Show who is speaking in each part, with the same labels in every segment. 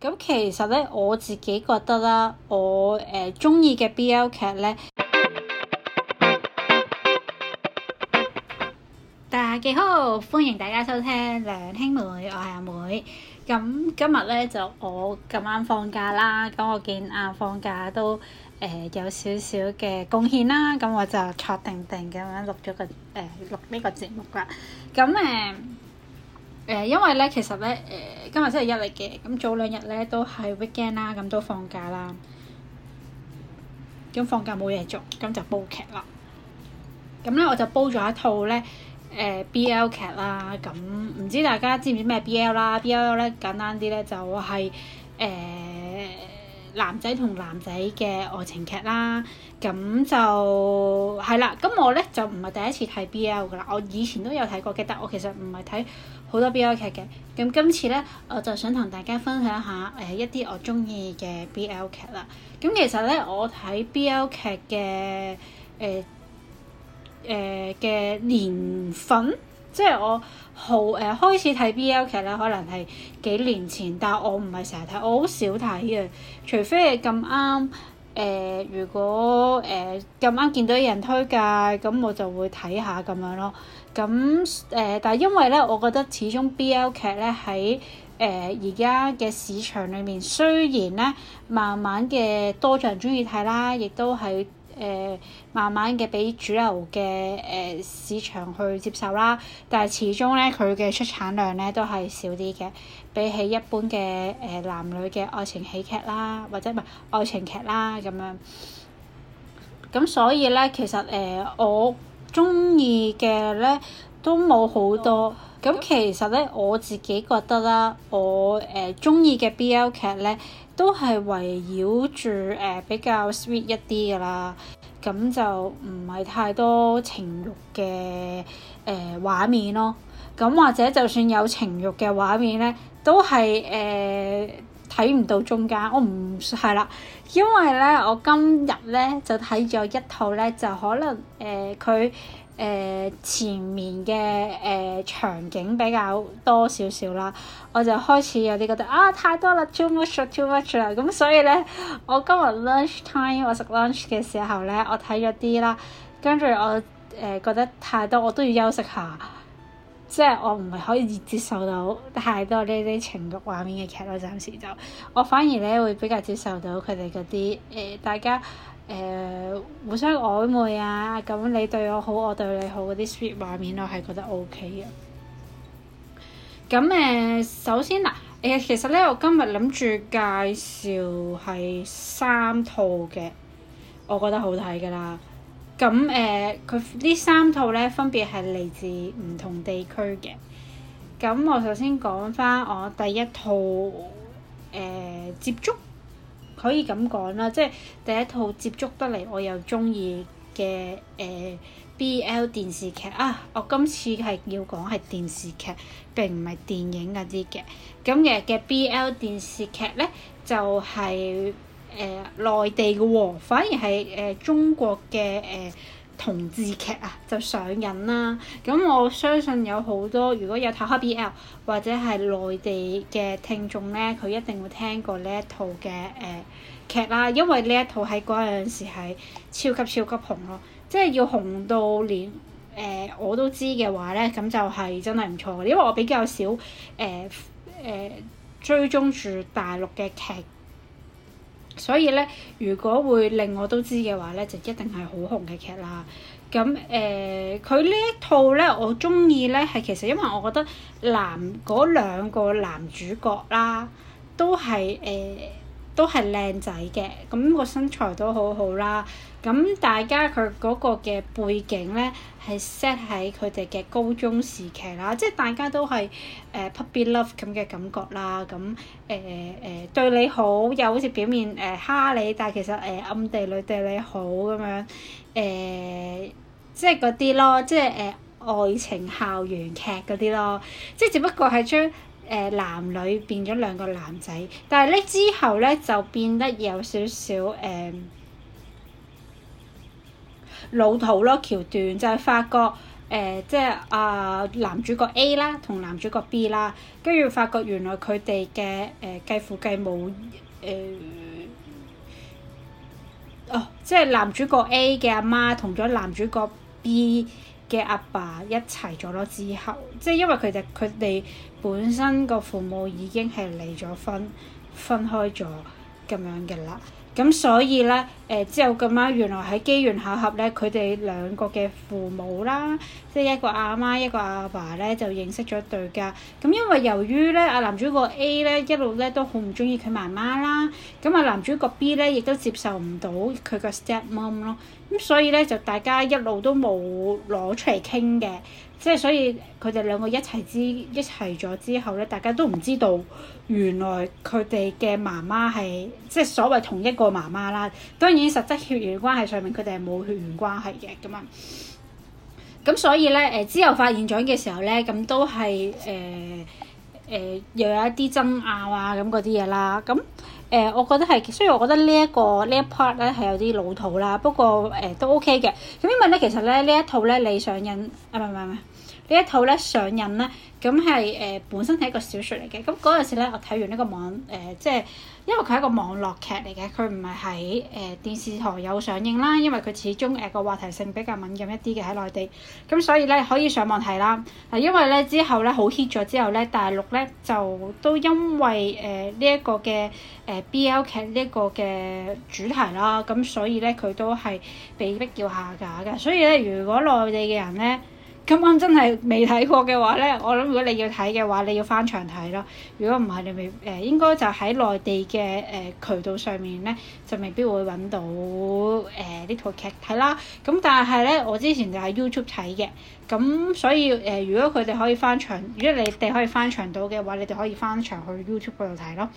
Speaker 1: 咁其實咧，我自己覺得啦，我誒鍾意嘅 BL 劇咧。大家好，歡迎大家收聽兩兄妹，我係阿妹。咁今日咧就我咁啱放假啦，咁我見啊放假都誒有少少嘅貢獻啦，咁我就坐定定咁樣錄咗個誒錄呢個節目啦。咁誒。誒，因為咧，其實咧，誒，今日星期一嚟嘅。咁早兩日咧都係 weekend 啦，咁都放假啦。咁放假冇嘢做，咁就煲劇啦。咁咧我就煲咗一套咧誒、呃、BL 劇啦。咁、嗯、唔知大家知唔知咩 BL 啦？BL 咧簡單啲咧就係、是、誒、呃、男仔同男仔嘅愛情劇啦。咁、嗯、就係啦。咁我咧就唔係第一次睇 BL 噶啦。我以前都有睇過嘅，但我其實唔係睇。好多 BL 劇嘅，咁今次呢，我就想同大家分享下誒、呃、一啲我鍾意嘅 BL 劇啦。咁、嗯、其實呢，我睇 BL 劇嘅誒嘅年份，即係我好誒、呃、開始睇 BL 劇咧，可能係幾年前，但係我唔係成日睇，我好少睇嘅，除非係咁啱誒，如果誒咁啱見到有人推介，咁我就會睇下咁樣咯。咁誒、呃，但係因為咧，我覺得始終 BL 劇咧喺誒而家嘅市場裏面，雖然咧慢慢嘅多咗人中意睇啦，亦都喺誒、呃、慢慢嘅俾主流嘅誒、呃、市場去接受啦，但係始終咧佢嘅出產量咧都係少啲嘅，比起一般嘅誒、呃、男女嘅愛情喜劇啦，或者唔係、呃、愛情劇啦咁樣。咁所以咧，其實誒、呃、我中意嘅呢都冇好多，咁其實呢，我自己覺得啦，我誒中意嘅 BL 劇呢都係圍繞住誒、呃、比較 sweet 一啲嘅啦，咁就唔係太多情慾嘅誒、呃、畫面咯，咁或者就算有情慾嘅畫面呢，都係誒。呃睇唔到中間，我唔係啦，因為咧我今日咧就睇咗一套咧，就可能誒佢誒前面嘅誒、呃、場景比較多少少啦，我就開始有啲覺得啊太多啦，too much 啦，too much 啦，咁所以咧我今日 lunch time 我食 lunch 嘅時候咧，我睇咗啲啦，跟住我誒、呃、覺得太多，我都要休息下。即係我唔係可以接受到太多呢啲情慾畫面嘅劇咯，暫時就我反而咧會比較接受到佢哋嗰啲誒大家誒、呃、互相曖昧啊，咁你對我好，我對你好嗰啲 sweet 畫面，我係覺得 OK 嘅。咁誒、呃，首先嗱、啊、誒、呃，其實咧我今日諗住介紹係三套嘅，我覺得好睇㗎啦。咁誒，佢呢、呃、三套咧分別係嚟自唔同地區嘅。咁我首先講返我第一套誒、呃、接觸，可以咁講啦，即係第一套接觸得嚟我又鍾意嘅誒 BL 電視劇啊！我今次係要講係電視劇並唔係電影嗰啲嘅。咁嘅嘅 BL 電視劇咧就係、係。誒、呃、內地嘅喎、哦，反而係誒、呃、中國嘅誒同志劇啊，就上癮啦。咁、嗯、我相信有好多如果有睇 BL 或者係內地嘅聽眾咧，佢一定會聽過呢一套嘅誒、呃、劇啦。因為呢一套喺嗰陣時係超級超級紅咯，即係要紅到連誒、呃、我都知嘅話咧，咁就係真係唔錯嘅。因為我比較少誒誒、呃呃、追蹤住大陸嘅劇。所以咧，如果會令我都知嘅話咧，就一定係好紅嘅劇啦。咁誒，佢、呃、呢一套咧，我中意咧係其實因為我覺得男嗰兩個男主角啦，都係誒、呃、都係靚仔嘅，咁、個身材都好好啦。咁大家佢嗰個嘅背景咧係 set 喺佢哋嘅高中時期啦，即係大家都係誒 puppy love 咁嘅感覺啦。咁誒誒對你好，又好似表面誒蝦你，但係其實誒暗地裏對你好咁樣誒，即係嗰啲咯，即係誒愛情校園劇嗰啲咯。即係只不過係將誒男女變咗兩個男仔，但係咧之後咧就變得有少少誒。嗯老土咯，橋段就係發覺誒，即係啊男主角 A 啦，同男主角 B 啦，跟住發覺原來佢哋嘅誒繼父繼母誒、哦，即係男主角 A 嘅阿媽同咗男主角 B 嘅阿爸一齊咗咯，之後即係因為佢哋佢哋本身個父母已經係離咗婚，分開咗咁樣嘅啦。咁所以咧，誒、呃、之後咁啱，原來喺機緣巧合咧，佢哋兩個嘅父母啦，即係一個阿媽一個阿爸咧，就認識咗對家。咁因為由於咧，阿男主角 A 咧一路咧都好唔中意佢媽媽啦，咁阿男主角 B 咧亦都接受唔到佢個 step mom 咯，咁所以咧就大家一路都冇攞出嚟傾嘅。即係所以佢哋兩個一齊之一齊咗之後咧，大家都唔知道原來佢哋嘅媽媽係即係所謂同一個媽媽啦。當然實質血緣關係上面佢哋係冇血緣關係嘅，咁啊。咁所以咧誒，之後發現咗嘅時候咧，咁都係誒。呃誒又、呃、有一啲爭拗啊咁嗰啲嘢啦，咁誒、呃、我覺得係，雖然我覺得、這個這個、呢一個呢一 part 咧係有啲老土啦，不過誒、呃、都 OK 嘅。咁因 m m 咧，其實咧呢一套咧你上癮啊？唔係唔係唔係。呢一套咧上癮咧，咁係誒本身係一個小說嚟嘅。咁嗰陣時咧，我睇完呢個網誒、呃，即係因為佢係一個網絡劇嚟嘅，佢唔係喺誒電視台有上映啦。因為佢始終誒個話題性比較敏感一啲嘅喺內地，咁所以咧可以上網睇啦。嗱，因為咧之後咧好 hit 咗之後咧，大陸咧就都因為誒呢一個嘅誒、呃、BL 劇呢個嘅主題啦，咁所以咧佢都係被逼要下架嘅。所以咧，如果內地嘅人咧，今晚真係未睇過嘅話咧，我諗如果你要睇嘅話，你要翻牆睇咯。如果唔係，你未誒、呃、應該就喺內地嘅誒、呃、渠道上面咧，就未必會揾到誒、呃嗯、呢套劇睇啦。咁但係咧，我之前就喺 YouTube 睇嘅。咁、嗯、所以誒、呃，如果佢哋可以翻牆，如果你哋可以翻牆到嘅話，你哋可以翻牆去 YouTube 嗰度睇咯。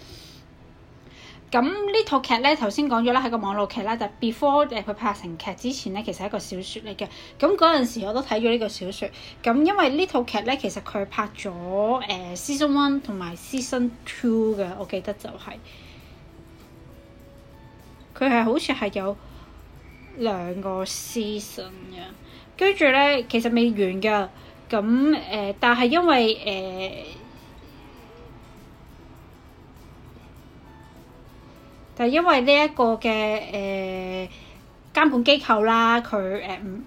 Speaker 1: 咁呢套劇咧，頭先講咗啦，係個網絡劇啦，就係、before 誒、呃、佢拍成劇之前咧，其實係一個小説嚟嘅。咁嗰陣時我都睇咗呢個小説。咁因為劇呢套劇咧，其實佢拍咗誒、呃、season one 同埋 season two 嘅，我記得就係佢係好似係有兩個 season 嘅。跟住咧，其實未完㗎。咁誒、呃，但係因為誒。呃就因為呢一個嘅誒、呃、監管機構啦，佢誒唔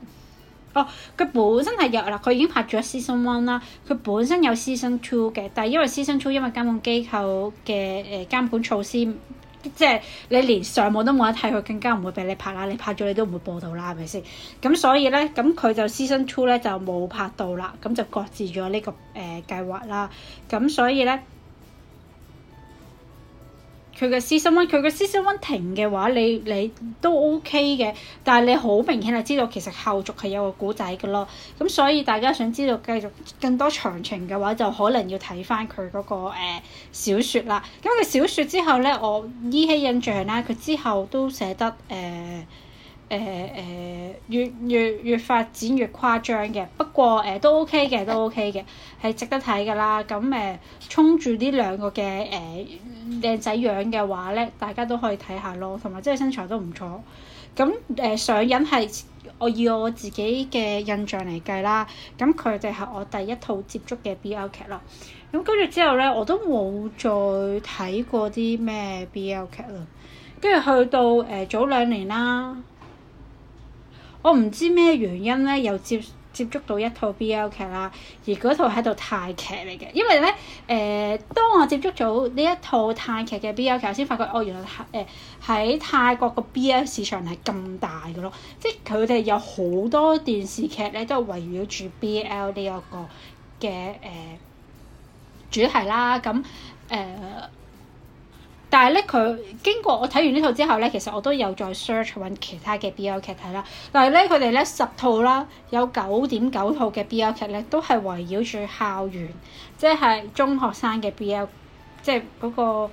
Speaker 1: 哦佢本身係有啦，佢已經拍咗 season one 啦，佢本身有 season two 嘅，但係因為 season two 因為監管機構嘅誒監管措施，即係你連上網都冇得睇，佢更加唔會俾你拍啦，你拍咗你都唔會報道啦，係咪先？咁所以咧，咁佢就 season two 咧就冇拍到啦，咁就擱置咗呢、這個誒計劃啦。咁所以咧。佢嘅 Season 1，佢嘅 Season 1停嘅話，你你都 OK 嘅。但係你好明顯就知道，其實後續係有個古仔嘅咯。咁所以大家想知道繼續更多詳情嘅話，就可能要睇翻佢嗰個、呃、小説啦。咁佢小説之後咧，我依稀印象啦，佢之後都寫得誒。呃誒誒、呃、越越越發展越誇張嘅，不過誒都 OK 嘅，都 OK 嘅，係、OK、值得睇㗎啦。咁誒，衝、呃、住呢兩個嘅誒靚仔樣嘅話咧，大家都可以睇下咯。同埋即係身材都唔錯。咁誒、呃、上癮係我以我自己嘅印象嚟計啦。咁佢哋係我第一套接觸嘅 BL 劇啦。咁跟住之後咧，我都冇再睇過啲咩 BL 劇啦。跟住去到誒、呃、早兩年啦。我唔知咩原因咧，又接接觸到一套 BL 劇啦，而嗰套係套泰劇嚟嘅，因為咧，誒、呃，當我接觸到呢一套泰劇嘅 BL 劇，先發覺哦，原來喺喺、呃、泰國個 BL 市場係咁大㗎咯，即係佢哋有好多電視劇咧都係圍繞住 BL 呢一個嘅誒、呃、主題啦，咁、嗯、誒。呃但係咧，佢經過我睇完呢套之後咧，其實我都有再 search 揾其他嘅 BL 劇睇啦。但係咧，佢哋咧十套啦，有九點九套嘅 BL 劇咧，都係圍繞住校園，即係中學生嘅 BL，即係嗰個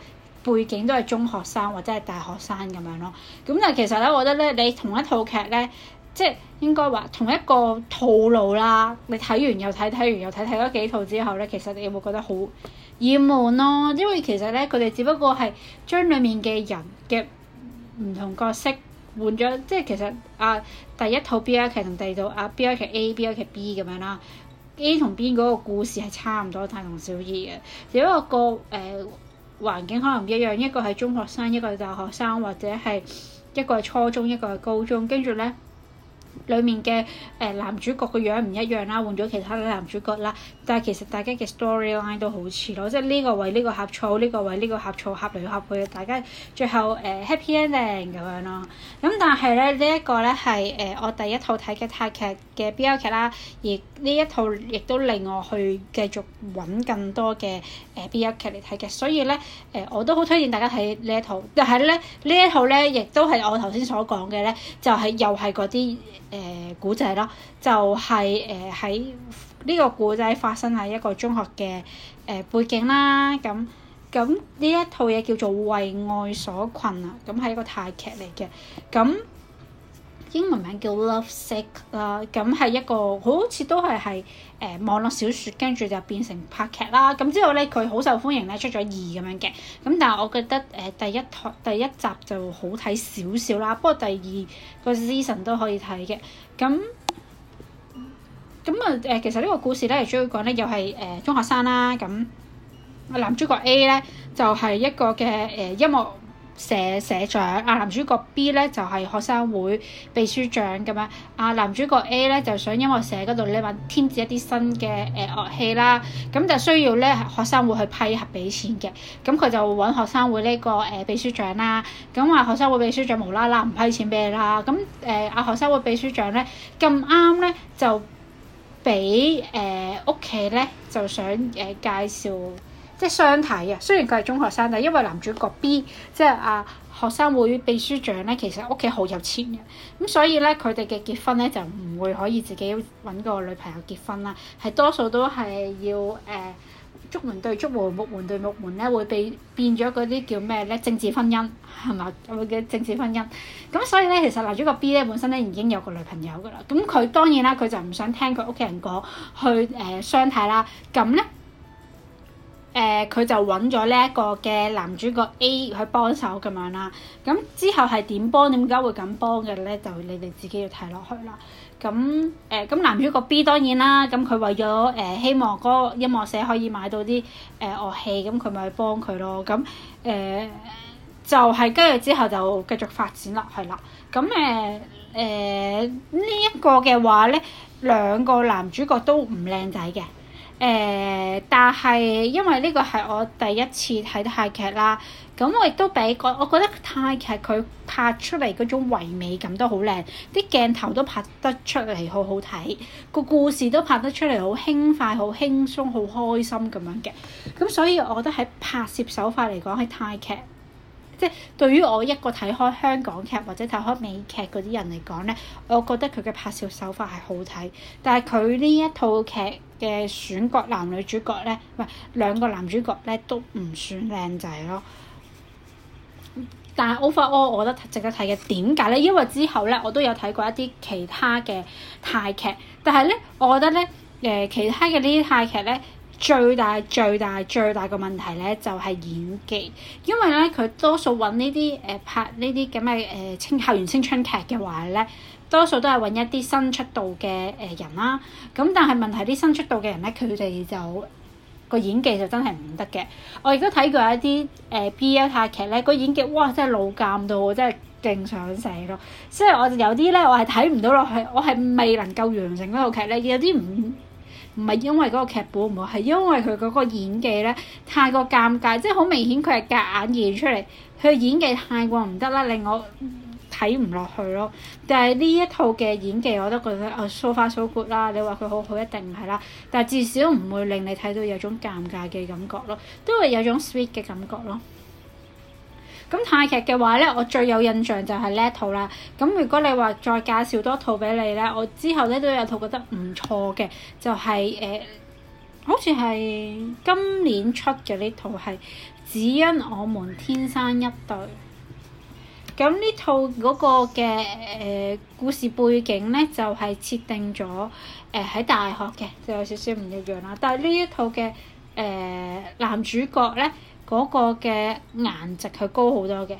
Speaker 1: 背景都係中學生或者係大學生咁樣咯。咁但係其實咧，我覺得咧，你同一套劇咧。即係應該話同一個套路啦。你睇完又睇，睇完又睇，睇咗幾套之後咧，其實你有冇覺得好厭悶咯？因為其實咧，佢哋只不過係將裡面嘅人嘅唔同角色換咗，即係其實啊第一套 BL 劇同第二套 B 啊 BL 劇 A BL 劇 B 咁樣啦。A 同 B 嗰個故事係差唔多大同小異嘅，只不過個誒、呃、環境可能唔一樣，一個係中學生，一個係大學生，或者係一個係初中，一個係高中，跟住咧。裡面嘅誒、呃、男主角嘅樣唔一樣啦，換咗其他嘅男主角啦，但係其實大家嘅 storyline 都好似咯，即係呢個為呢個呷醋，呢、這個為呢個呷醋，合嚟合去，大家最後誒、呃、happy ending 咁樣咯。咁、嗯、但係咧，這個、呢一個咧係誒我第一套睇嘅泰劇嘅 BL 劇啦，而呢一套亦都令我去繼續揾更多嘅誒、呃、BL 劇嚟睇嘅，所以咧誒、呃、我都好推薦大家睇呢一套。但係咧呢一套咧亦都係我頭先所講嘅咧，就係、是、又係嗰啲。誒古仔咯，就係誒喺呢個古仔發生喺一個中學嘅誒、呃、背景啦，咁咁呢一套嘢叫做為愛所困啊，咁係一個泰劇嚟嘅，咁。英文名叫 Love Sick 啦，咁係一個好似都係係誒網絡小說，跟住就變成拍劇啦。咁之後咧，佢好受歡迎咧，出咗二咁樣嘅。咁但係我覺得誒、呃、第一套第一集就好睇少少啦，不過第二個 season 都可以睇嘅。咁咁啊誒，其實呢個故事咧主要講咧又係誒、呃、中學生啦、啊。咁男主角 A 咧就係、是、一個嘅誒、呃、音樂。社社長啊，男主角 B 咧就係、是、學生會秘書長咁樣，啊男主角 A 咧就是、想音樂社嗰度咧揾添置一啲新嘅誒、呃、樂器啦，咁、嗯、就需要咧學生會去批核俾錢嘅，咁、嗯、佢就揾學生會呢、這個誒、呃、秘書長啦，咁、嗯、話學生會秘書長無啦啦唔批錢俾你啦，咁誒啊學生會秘書長咧咁啱咧就俾誒屋企咧就想誒、呃、介紹。即係相睇啊！雖然佢係中學生，但係因為男主角 B 即係啊，學生會秘書長咧，其實屋企好有錢嘅，咁所以咧佢哋嘅結婚咧就唔會可以自己揾個女朋友結婚啦，係多數都係要誒竹門對竹門、木門對木門咧，會被變咗嗰啲叫咩咧政治婚姻係嘛？會嘅政治婚姻。咁所以咧，其實男主角 B 咧本身咧已經有個女朋友㗎啦，咁佢當然啦，佢就唔想聽佢屋企人講去誒相睇啦，咁、呃、咧。誒佢、呃、就揾咗呢一個嘅男主角 A 去幫手咁樣啦，咁之後係點幫？點解會咁幫嘅咧？就你哋自己要睇落去啦。咁誒咁男主角 B 當然啦，咁佢為咗誒希望嗰音樂社可以買到啲誒、呃、樂器，咁佢咪去幫佢咯。咁誒、呃、就係跟住之後就繼續發展落去啦。咁誒誒呢一個嘅話咧，兩個男主角都唔靚仔嘅。誒、呃，但係因為呢個係我第一次睇泰劇啦，咁我亦都比較，我覺得泰劇佢拍出嚟嗰種唯美感都好靚，啲鏡頭都拍得出嚟好好睇，個故事都拍得出嚟好輕快、好輕鬆、好開心咁樣嘅，咁所以我覺得喺拍攝手法嚟講，喺泰劇。即係對於我一個睇開香港劇或者睇開美劇嗰啲人嚟講咧，我覺得佢嘅拍攝手法係好睇，但係佢呢一套劇嘅選角男女主角咧，唔係兩個男主角咧都唔算靚仔咯。但係 overall，我我覺得值得睇嘅，點解咧？因為之後咧，我都有睇過一啲其他嘅泰劇，但係咧，我覺得咧，誒其他嘅呢啲泰劇咧。最大最大最大個問題咧，就係、是、演技，因為咧佢多數揾呢啲誒拍呢啲咁嘅誒青校園青春劇嘅話咧，多數都係揾一啲新出道嘅誒人啦、啊。咁但係問題啲新出道嘅人咧，佢哋就個演技就真係唔得嘅。我亦都睇過一啲誒、呃、B L 泰劇咧，個演技哇真係老尷到，真係勁想死咯。即係我有啲咧，我係睇唔到落去，我係未能夠完成劇呢套劇咧，有啲唔。唔係因為嗰個劇本唔好，係因為佢嗰個演技咧太過尷尬，即係好明顯佢係夾硬演出嚟，佢演技太過唔得啦，令我睇唔落去咯。但係呢一套嘅演技我都覺得啊、哦、so far so good 啦，你話佢好好一定唔係啦，但係至少唔會令你睇到有種尷尬嘅感覺咯，都係有種 sweet 嘅感覺咯。咁泰劇嘅話呢，我最有印象就係呢套啦。咁如果你話再介紹多套俾你呢，我之後呢都有套覺得唔錯嘅，就係、是、誒、呃，好似係今年出嘅呢套係《只因我們天生一對》。咁呢套嗰個嘅誒、呃、故事背景呢，就係、是、設定咗誒喺大學嘅，就有少少唔一樣啦。但係呢一套嘅誒、呃、男主角呢。嗰個嘅顏值係高好多嘅，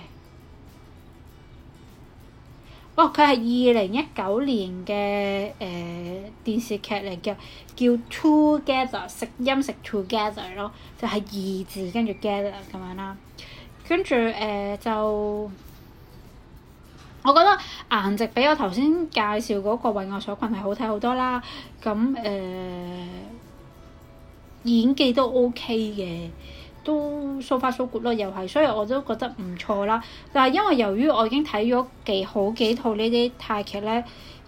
Speaker 1: 哇、哦！佢係二零一九年嘅誒、呃、電視劇嚟嘅，叫《Twogether》，食音食《Together》咯，就係、是、二字跟住 gether 咁樣啦。跟住誒、呃、就，我覺得顏值比我頭先介紹嗰個《為我所困》係好睇好多啦。咁誒、呃、演技都 OK 嘅。都 so far so good 咯，又係，所以我都覺得唔錯啦。但係因為由於我已經睇咗幾好幾套劇呢啲泰劇咧，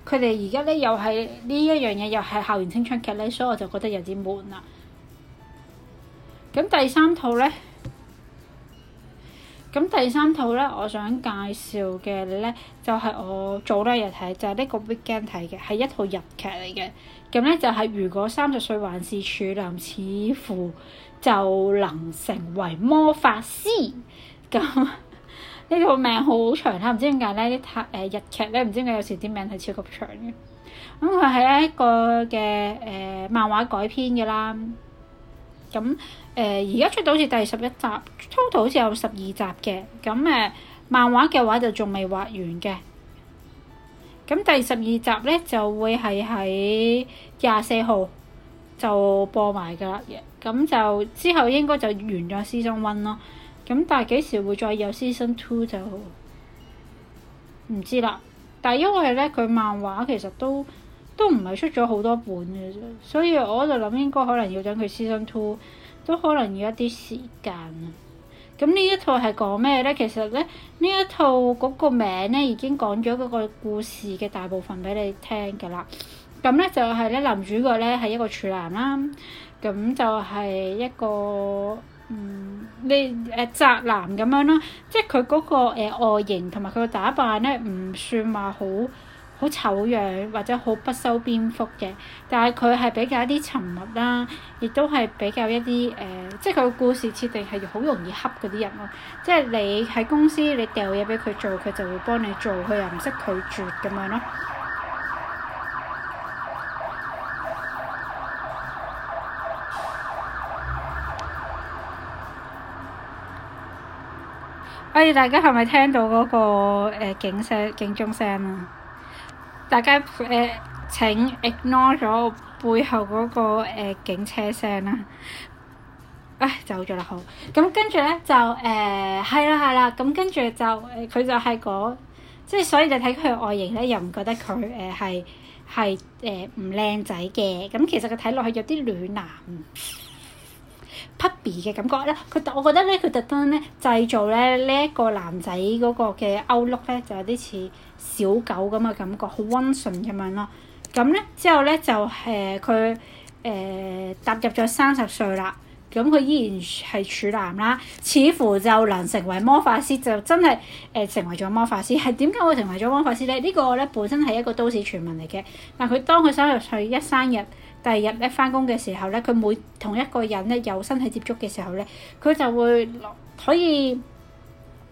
Speaker 1: 佢哋而家咧又係呢一樣嘢又係校園青春劇咧，所以我就覺得有啲悶啦。咁第三套咧。咁第三套咧，我想介紹嘅咧，就係、是、我早多日睇，就係、是、呢個 weekend 睇嘅，係一套日劇嚟嘅。咁咧就係、是、如果三十歲還是處男，似乎就能成為魔法師。咁呢套名好長啦，唔知點解咧啲泰日劇咧，唔知點解有時啲名係超級長嘅。咁佢係一個嘅誒、呃、漫畫改編嘅啦。咁誒，而家、呃、出到好似第十一集，total 好似有十二集嘅。咁誒，漫畫嘅話就仲未畫完嘅。咁第十二集咧就會係喺廿四號就播埋㗎喇。咁就之後應該就完咗 season one 咯。咁但係幾時會再有 season two 就唔知啦。但係因為咧，佢漫畫其實都，都唔係出咗好多本嘅啫，所以我就諗應該可能要等佢 season two，都可能要一啲時間。咁呢一套係講咩咧？其實咧呢一套嗰個名咧已經講咗嗰個故事嘅大部分俾你聽㗎啦。咁咧就係咧男主角咧係一個處男啦，咁就係一個嗯你誒宅、呃、男咁樣咯，即係佢嗰個、呃、外形同埋佢個打扮咧唔算話好。好醜樣或者好不修邊幅嘅，但係佢係比較一啲沉默啦，亦都係比較一啲誒、呃，即係佢個故事設定係好容易恰嗰啲人咯。即係你喺公司你掉嘢俾佢做，佢就會幫你做，佢又唔識拒絕咁樣咯。喂、哎，大家係咪聽到嗰個警聲、呃、警鐘聲啊？大家誒、呃、請 ignore 咗我背後嗰，那個、呃、警車聲，啊呃，啦，唉走咗啦，好。咁跟住咧就誒係啦係啦，咁跟住就誒佢，呃、就係嗰，那個、即係所以就睇佢外形咧，又唔覺得佢誒係係誒唔靚仔嘅。咁，呃呃、其實佢睇落去有啲暖男，puppy 嘅感覺咧。佢我覺得咧佢特登咧製造咧呢一，這個男仔嗰個嘅 outlook 咧就有啲似。小狗咁嘅感覺，好温順咁樣咯。咁咧之後咧就誒佢誒踏入咗三十歲啦。咁佢依然係處男啦，似乎就能成為魔法師，就真係誒、呃、成為咗魔法師。係點解會成為咗魔法師咧？這個、呢個咧本身係一個都市傳聞嚟嘅。但佢當佢三十歲一生日，第二日咧返工嘅時候咧，佢每同一個人咧有身體接觸嘅時候咧，佢就會可以。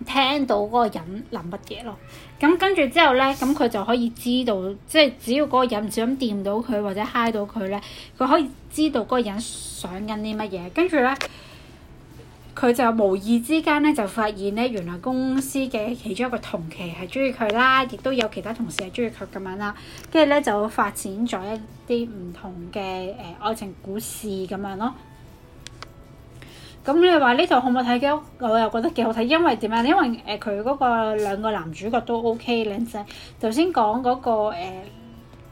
Speaker 1: 聽到嗰個人諗乜嘢咯，咁跟住之後咧，咁佢就可以知道，即係只要嗰個人唔小心掂到佢或者嗨到佢咧，佢可以知道嗰個人想緊啲乜嘢。跟住咧，佢就無意之間咧就發現咧，原來公司嘅其中一個同期係中意佢啦，亦都有其他同事係中意佢咁樣啦。跟住咧就發展咗一啲唔同嘅誒、呃、愛情故事咁樣咯。咁你話呢套好唔好睇？我我又覺得幾好睇，因為點啊？因為誒佢嗰個兩個男主角都 OK 靚、嗯、仔。頭先講嗰個、呃、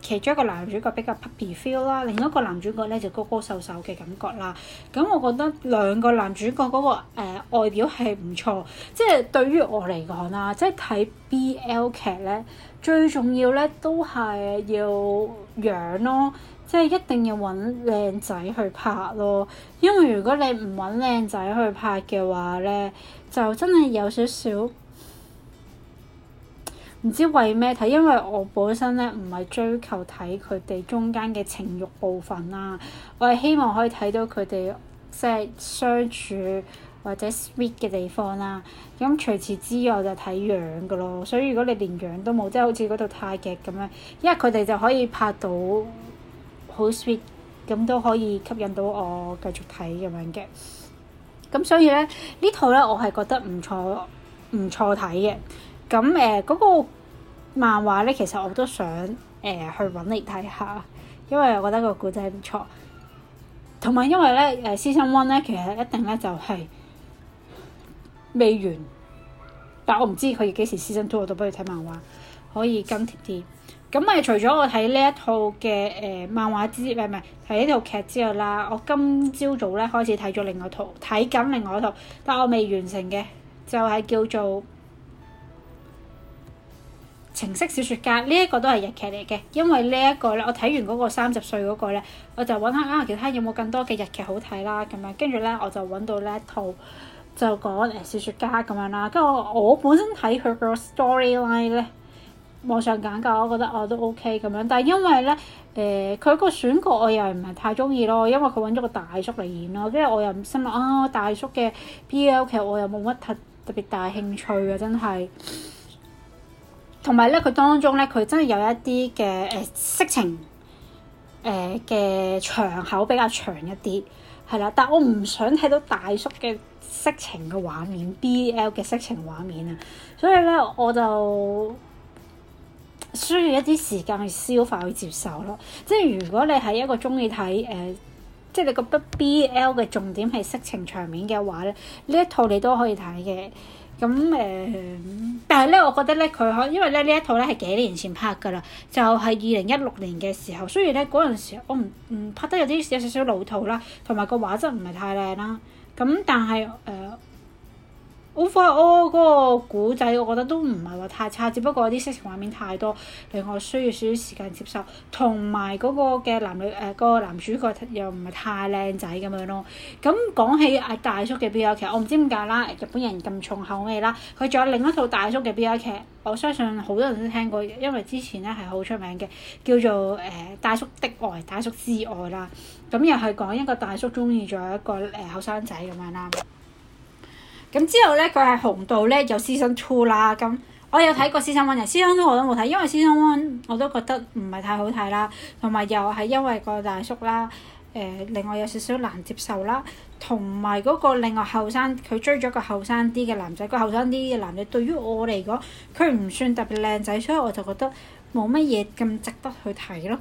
Speaker 1: 其中一個男主角比較 puppy feel 啦，另一個男主角咧就高高瘦瘦嘅感覺啦。咁我覺得兩個男主角嗰、嗰個、呃、外表係唔錯，即係對於我嚟講啦，即係睇 BL 劇咧最重要咧都係要樣咯。即係一定要揾靚仔去拍咯，因為如果你唔揾靚仔去拍嘅話咧，就真係有少少唔知為咩睇。因為我本身咧唔係追求睇佢哋中間嘅情慾部分啦、啊，我係希望可以睇到佢哋即係相處或者 sweet 嘅地方啦。咁除此之外，我就睇樣噶咯。所以如果你連樣都冇，即係好似嗰套泰劇咁樣，因為佢哋就可以拍到。好 sweet，咁都可以吸引到我繼續睇咁樣嘅，咁所以咧呢套咧我係覺得唔錯，唔錯睇嘅。咁誒嗰個漫畫咧，其實我都想誒、呃、去揾你睇下，因為我覺得個故仔唔錯。同埋因為咧誒 Season One 咧，其實一定咧就係未完，但我唔知佢要幾時 Season Two，我都不如睇漫畫，可以跟貼啲。咁咪、嗯、除咗我睇呢一套嘅誒、呃、漫畫之唔係唔係睇呢套劇之後啦，我今朝早咧開始睇咗另外套睇緊另外一套，但我未完成嘅就係、是、叫做情色小説家呢一、這個都係日劇嚟嘅，因為呢一個咧我睇完嗰個三十歲嗰個咧，我就揾下啊其他有冇更多嘅日劇好睇啦咁樣，跟住咧我就揾到呢一套就講誒、欸、小説家咁樣啦，跟住我，我本身睇佢個 storyline 咧。網上揀價，我覺得我都 OK 咁樣，但係因為咧，誒、呃、佢個選角我又唔係太中意咯，因為佢揾咗個大叔嚟演咯，跟住我又唔心諗啊大叔嘅 B L 其實我又冇乜特特別大興趣嘅，真係。同埋咧，佢當中咧，佢真係有一啲嘅誒色情誒嘅場口比較長一啲，係啦，但我唔想睇到大叔嘅色情嘅畫面，B L 嘅色情畫面啊，所以咧我就。需要一啲時間去消化去接受咯，即係如果你係一個中意睇誒，即係你覺得 BL 嘅重點係色情場面嘅話咧，呢一套你都可以睇嘅。咁誒、呃，但係咧，我覺得咧，佢可能因為咧呢一套咧係幾年前拍㗎啦，就係二零一六年嘅時候。雖然咧嗰陣時我唔唔拍得有啲有少少老套啦，同埋個畫質唔係太靚啦，咁但係誒。呃好快，哦，嗰、那個古仔我覺得都唔係話太差，只不過啲色情畫面太多，令我需要少少時間接受。同埋嗰個嘅男女誒，呃那個男主角又唔係太靚仔咁樣咯。咁講起阿大叔嘅 BL 劇，我唔知點解啦，日本人咁重口味啦。佢仲有另一套大叔嘅 BL 劇，我相信好多人都聽過，因為之前咧係好出名嘅，叫做誒、呃、大叔的愛、大叔之愛啦。咁又係講一個大叔中意咗一個誒後生仔咁樣啦。咁之後咧，佢係紅到咧有 season two 啦。咁我有睇過 season one season two 我都冇睇，因為 season one 我都覺得唔係太好睇啦。同埋又係因為個大叔啦，誒、呃、另外有少少難接受啦。同埋嗰個另外後生，佢追咗個後生啲嘅男仔，個後生啲嘅男仔對於我嚟講，佢唔算特別靚仔，所以我就覺得冇乜嘢咁值得去睇咯。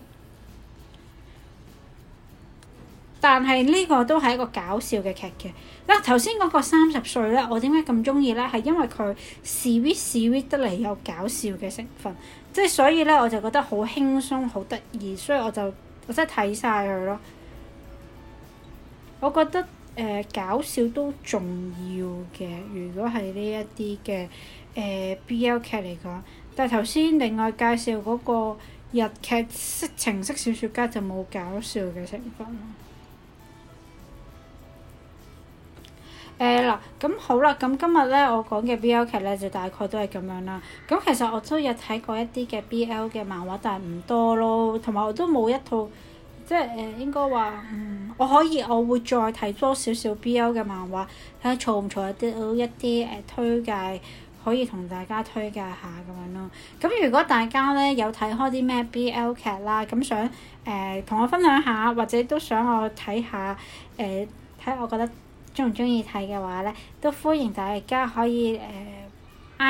Speaker 1: 但係呢個都係一個搞笑嘅劇嘅。嗱、啊，頭先嗰個三十歲咧，我點解咁中意咧？係因為佢 sweet sweet 得嚟有搞笑嘅成分，即係所以咧我就覺得好輕鬆、好得意，所以我就我真係睇晒佢咯。我覺得誒、呃、搞笑都重要嘅。如果係呢一啲嘅誒 B L 劇嚟講，但係頭先另外介紹嗰個日劇色情式小說家就冇搞笑嘅成分。誒嗱，咁、欸嗯、好啦，咁、嗯、今日咧我講嘅 BL 劇咧就大概都係咁樣啦。咁其實我都有睇過一啲嘅 BL 嘅漫畫，但係唔多咯。同埋我都冇一套，即係誒應該話，嗯，我可以，我會再睇多少少 BL 嘅漫畫，睇下嘈唔嘈一啲，一啲誒推介，可以同大家推介下咁樣咯。咁、嗯、如果大家咧有睇開啲咩 BL 劇啦，咁、嗯、想誒同、呃、我分享下，或者都想我睇下，誒、呃、睇我覺得。中唔中意睇嘅話咧，都歡迎大家可以誒、呃、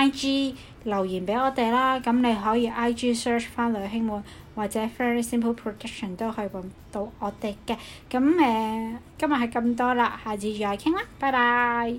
Speaker 1: IG 留言俾我哋啦。咁你可以 IG search 返兩兄妹，或者 Very Simple Production 都可以揾到我哋嘅。咁誒、呃，今日係咁多啦，下次再傾啦，拜拜。